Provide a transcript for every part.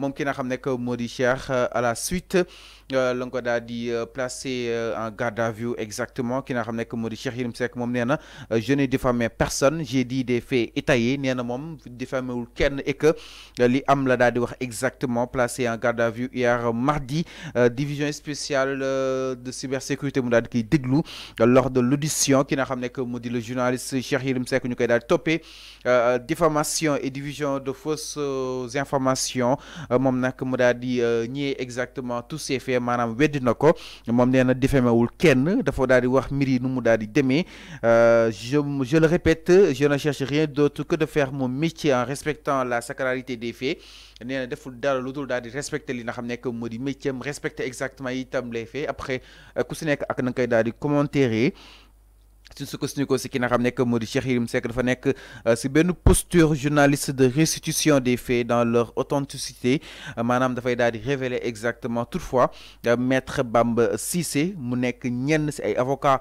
moom ki n'a xam nekk Cheikh euh, à la suite euh, la nga di euh, placé en garde à vue exactement ki n'a xam que moo di Cheikh Yérim Seck moom nee je n'ai diffamé personne j'ai dit des faits étayés nee na moom diffaméwul kenn et que li am la daal di wax exactement placé en garde à vue hier mardi division spéciale de cybersécurité mu qui di lors de l'audition ki n'a xam que moo le journaliste Cheikh Yérim Seck ñu koy daal di toppee diffamation et division de fausses informations euh, mom nak mu daal di euh, exactement tous ces faits manam weddi nako mom moom nee na kenn dafa daal di wax miri yi nu mu daal di euh, je je le répète je ne cherche rien d'autre que de faire mon métier en respectant la sacralité des faits nee deful dara lu dul daal di respecter li nga xam que moo métier am respecter exactement itam les faits après ku si nekk ak na koy daal di commenter suñ sukkandikoo si qui n'a ramené que moo di c'est que Seck dafa nekk si euh, benn posture journaliste de restitution des faits dans leur authenticité euh, Madame dafay daal di révéler exactement toutefois euh, maître Bamba Cissé mu nekk ñenn si ay avocats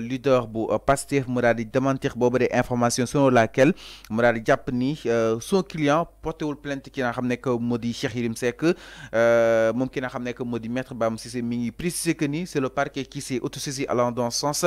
leader bu pasteur mu daal démentir des informations selon laquelle mu Japni son client une plainte qui n'a ramené que moo di c'est que Seck qui n'a ramené que Modi maître Bamba Cissé mi ngi que ni c'est le parquet qui s'est autosaisi allant dans ce sens.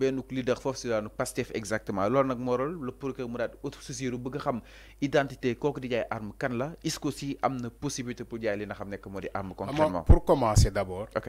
ben leader foofu si daanu Pastef exactement alors nak moral le procureur mu daal autosaisir bëgg xam identité kooku di jay arme kan la est-ce que aussi am possibilité pour jay li nga xam nek modi arme concrètement pour commencer d'abord ok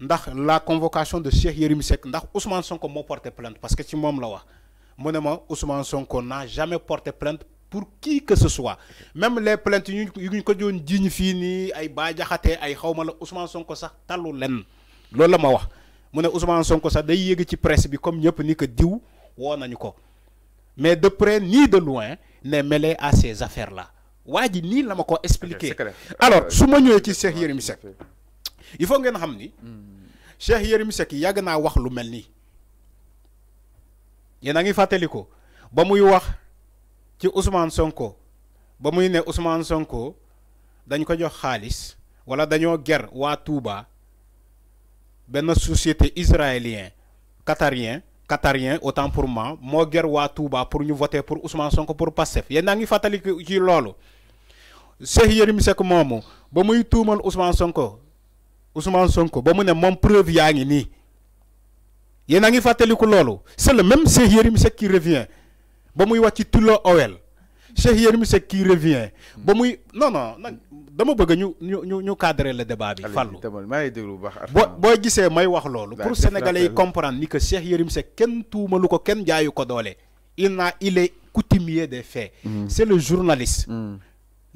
ndax la convocation de Cheikh Yérim Sek ndax Ousmane Sonko mo porté plainte parce que ci mom la wax mu ne ma Ousmane Sonko n'a jamais porté plainte pour qui que ce soit même les plaintes yu ñu ko doon jiiñ fi ni ay ba jaxaté ay xawma la Ousmane Sonko sax talu len loolu la ma wax moné Ousmane Sonko sax day yéeg ci presse bi comme ñëpp ni ko diw wo nañu ko mais de près ni de loin n'est mêlé à ces affaires là waa ni la ma ko expliquer alors euh, suma ma ci Cheikh Yérim Seck il faut ngeen xam ni. Cheikh Yérim Seck yàgg naa wax lu mel nii. yéen a ngi fàttaliku ba muy wax ci Ousmane Sonko ba muy ne Ousmane Sonko dañ ko jox xaalis wala dañoo ger waa Touba benn société israélien qatarien qatarien autant pour moi moo ger waa Touba pour ñu voter pour Ousmane Sonko pour Pastef yéen a ngi fàttaliku ci loolu Cheikh Yérim Seck moomu ba muy tuumal Ousmane Sonko. Ousmane Sonko mon, preuve ngi c'est le même Cheikh qui revient Bon, qui revient bon non non dama cadrer le débat bi. fàllu may wax bah, pour sénégalais comprendre ni que Cheikh est qu'un tout qui ko il il est coutumier des faits. Mm. c'est le journaliste. Mm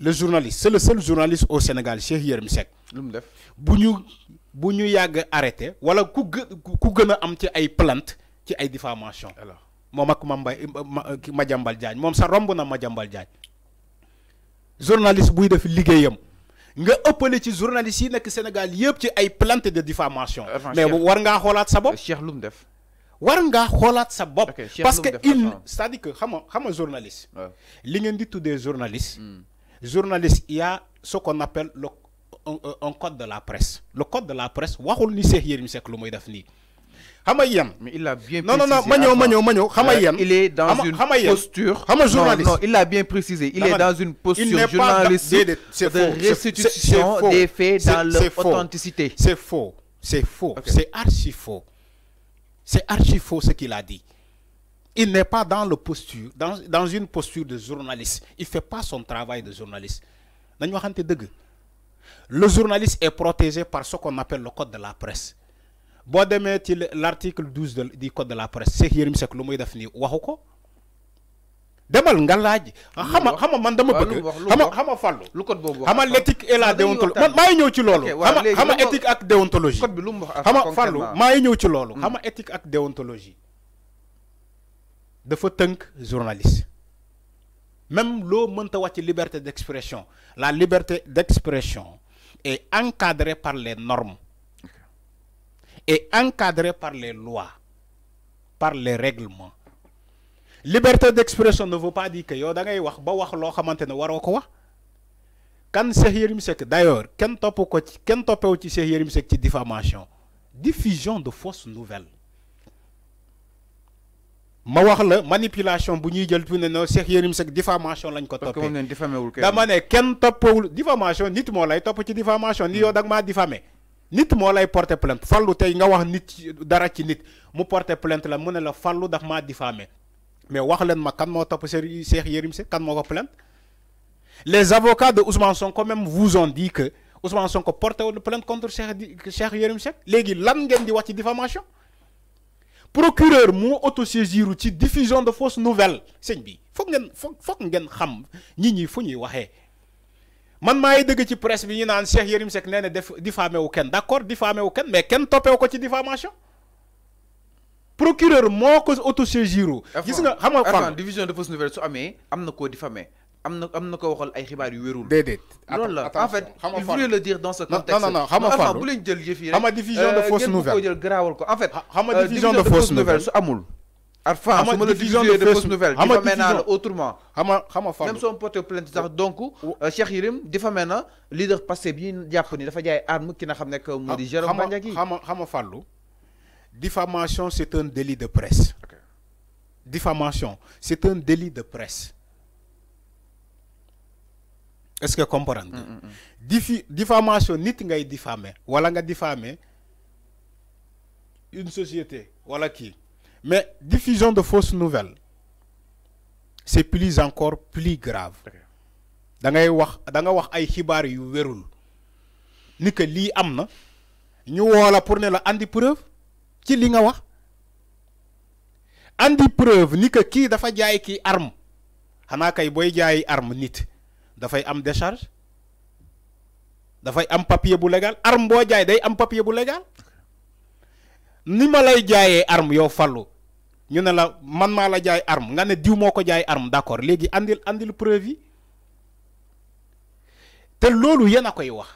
le journaliste c'est le seul journaliste au Sénégal Cheikh Yérim Seck. lu mu def arrêté wala ku gë ku a am ci ay plante ci ay diffamation alors moom ak ma mbay Madiambal Diagne moom sax romb na Madiambal Diagne journaliste buy def liggéeyam nga politique ci journaliste yi nekk Sénégal yépp ci ay plante de diffamation mais war nga xoolaat sa bop euh, Cheikh lu def. war nga sa bop parce que il c'est-à-dire que xam nga xam journaliste. li ngeen di des journaliste. Hmm journaliste il y a ce qu'on appelle le un, code de la presse le code de la presse waxul ni Cheikh Yérim lu def mais il a bien précisé non non non ma ñëw ma ñëw il est dans une posture journaliste non non il a bien précisé. il est dans une posture journaliste de restitution des faits dans leur authenticité. c'est faux c'est faux c'est archi faux c'est archi faux ce qu'il a dit. Il n'est pas dans, le posture, dans, dans une posture de journaliste. Il ne fait pas son travail de journaliste. Le journaliste est protégé par ce qu'on appelle le code de la presse. boo demee ci l'article 12 du code de la presse C'est Yérim Seck lu muy def nii ko demal nga laaj xama xama man dama bëgg xama xama fallu lu code boobu xama l'éthique et la déontologie man maa ngi ñëw ci loolu xama xama éthique ak déontologie xama fallu maa ñëw ci loolu xama éthique ak déontologie dafa tënk journaliste même loo mënta wàcc liberté d'expression la liberté d'expression est encadrée par les normes est encadrée par les lois par les règlements liberté d'expression ne veut pas dire que yow da ngay wax ba wax loo xamante ne waroo ko wax kan Cheikh Yérim d'ailleurs kenn topp ko ci kenn toppewu ci Cheikh Yérim ci diffamation diffusion de fausses nouvelles ma wax la manipulation bu ñuy jël fu ne Cheikh Yérim sek diffamation lañ ko toppee dama né kenn toppawul diffamation nit mo lay top ci diffamation ni yow dag ma maa diffamé nit mo lay porter plainte fallu tay nga wax nit dara ci nit mu porter plainte la mu ne la fallu daf maa diffamé mais wax len ma kan mo top Cheikh Cheikh Yérim sek kan moo ko plainte les avocats de Ousmane Sonko même vous ont dit que Ousmane Sonko porté wul plainte contre Cheikh Cheikh Yérim Seck léegi lan ngeen di wax ci diffamation procureur auto saisir ci diffusion de fausse nouvelle sëñ bi foog ngeen foog foog ngeen xam ñi ñi fu ñuy waxé man maay ngi dëgg ci presse bi ñu naan Cheikh Yérim sek nee def diffamé wu d'accord diffamé wu kenn mais ken topé ko ci diffamation procureur moko auto autosaisiru gis nga xam nga division de fausse nouvelle su amé amna ko koo diffamé amna ko ay xibaar yu en fait il voulait le dire dans ce contexte. non non bu de euh, en fait. Euh, diffusion de fausse nouvelle amul. de fausse nouvelle autrement. xam nga même son plainte donc. Euh, Cheikh diffamé leader passé bi ni dafa arme ki Jérôme diffamation c'est un délit de presse. diffamation c'est un délit de presse est-ce que comprendre mm, mm, mm. diffamation nit ngay diffamer wala nga diffamer une société wala qui mais diffusion de fausses nouvelles c'est plus encore plus grave da ngay wax da nga wax ay xibaar yu wérul ni que lii ñu woo la pour ne la andi preuve ci li nga wax andi preuve ni que kii dafa jaay ki arme xana kay boy jaay arme nit dafay am décharge dafay am papier bu légal arme bo jaay day am papier bu légal ni ma lay jaayee arme yo fàllu ñu ne la man ma la jaay arme nga ne diw moko ko jaay arme d'accord légui andil andil preuve té lolu loolu koy wax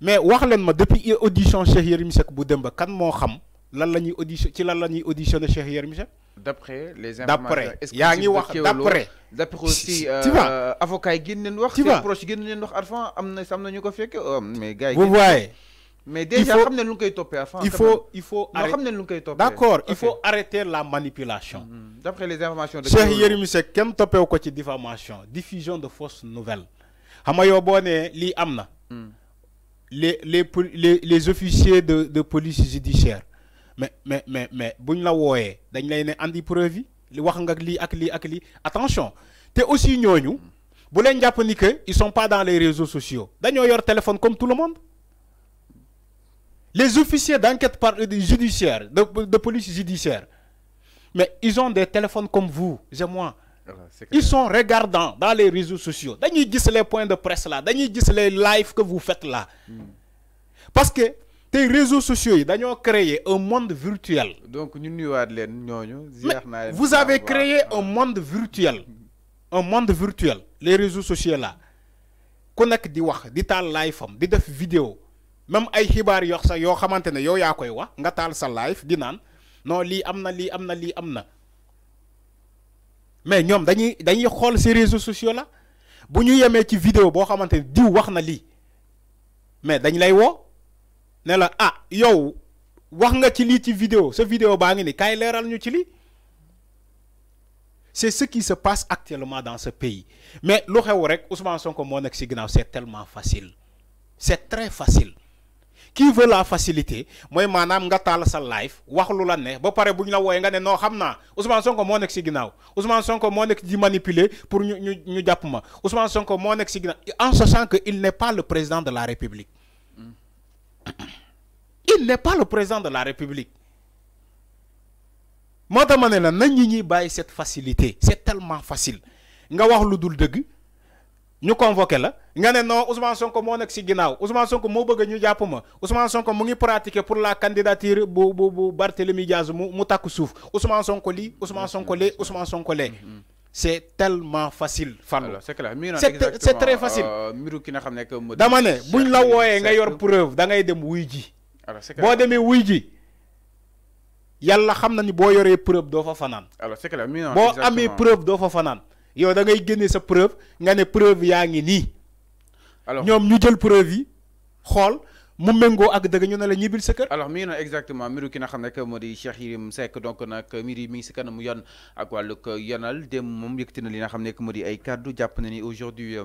mais wax len ma depuis audition Cheikh Yérim sek bu démb kan mo xam lan lañuy audition ci lan lañuy ñuy Cheikh Yérim Seck. d'après les informations exclusives yaa ngi wax d'après. d'après aussi euh, avocat yi génn wax. ci seen proche génn wax avant amna na am ko fekk oh, mais gars vous voyez. mais déjà xam nañ lu ñu koy toppee Arfan. il faut il faut arrêter xam nañ lu ñu koy toppee. d'accord il faut arrêter la manipulation. Mm-hmm. d'après les informations de. Cheikh Yérim Seck kenn toppeewu ko ci diffamation diffusion de fausses nouvelles xam nga yow li amna mm. les les les officiers de de police judiciaire mais mais mais mais buñ la woyé dañ lay né andi preuve yi li wax nga li ak li ak li attention té aussi ñooñu bu len jàpp ni ils sont pas dans les réseaux sociaux Ils ont yor téléphone comme tout le monde les officiers d'enquête par euh, judiciaire de de police judiciaire mais ils ont des téléphones comme vous j'ai moi. Ah, ils sont regardants dans les réseaux sociaux dañuy gis les points de presse là dañuy gis les lives que vous faites là hmm. parce que tey réseaux sociaux yi dañoo créer un monde virtuel. donc ñu nuyuwaat leen ñooñu. jeex vous avez créé un monde virtuel. un monde virtuel les réseaux sociaux là ku nekk di wax di tal live fam di def vidéo même ay xibar yo sax yo xamantene yow koy wax nga tal sa live di nan non li, amna li, amna li, amna. mais ñom dañuy dañuy xol ces réseaux sociaux là bu ñu yeme ci vidéo bo xamantene di wax na li. mais dañ lay wo ne la ah yow wax nga ci li ci vidéo ce vidéo baa ngi ni kay leeral ñu ci li c'est ce qui se passe actuellement dans ce pays mais lu xew rek Ousmane Sonko moo nekk ci ginnaaw c'est tellement facile c'est très facile qui veut la facilité mooy maanaam nga taal sa live wax lu la ne ba pare buñ la wooyee nga ne noo xam naa Ousmane Sonko moo nekk ci ginnaaw Ousmane Sonko moo nekk di manipuler pour ñu ñu ñu jàpp ma Ousmane Sonko moo nekk ci ginnaaw en sachant que il n'est pas le président de la République. Mm il n'est pas le président de la République moo tax ma ne la nañ ñi cette facilité c'est tellement facile nga wax lu dul dëgg ñu convoquer la nga ne non Ousmane Sonko moo nekk ci ginnaaw Ousmane Sonko moo bëgg ñu jàpp ma Ousmane Sonko mu ngi pratiquer pour la candidature bu bu bu Barthélemy Diaz mu mu takk suuf Ousmane Sonko lii Ousmane Sonko lee Ousmane Sonko c'est tellement facile. Fallou c'est clair c'est très facile. Euh, dama ne buñ la wooyee nga yor preuve da ngay dem wuy ji. boo demee wuy ji yàlla xam na ni boo yoree preuve doo fa fanaan. alors c'est clair boo amee preuve doo fa fanaan yow da ngay génne sa preuve nga ne preuve yaa ngi nii. alors ñoom ñu jël preuve yi xool. mu méngoo ak dëgg ñu ne la ñibbil sa kër. alors mi ngi noonu exactement mbiru ki nga xam ne moo di Cheikh Yérim Seck donc nag mbir yi mi ngi si kanamu yoon ak wàllug yonal dem moom yëkkati na li nga xam ne moo di ay kàddu jàpp na ni aujourd'hui euh,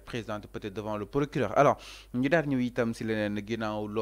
présente peut-être devant le procureur alors nous item, c'est le si de le